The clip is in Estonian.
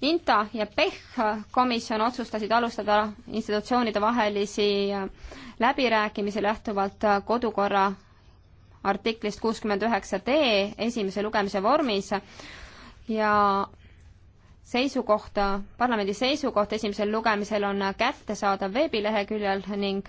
INTA ja PEH komisjon otsustasid alustada institutsioonide vahelisi äh, läbirääkimisi lähtuvalt äh, kodukorra artiklist kuuskümmend üheksa D esimese lugemise vormis ja seisukoht, äh, parlamendi seisukoht esimesel lugemisel on kättesaadav veebileheküljel ning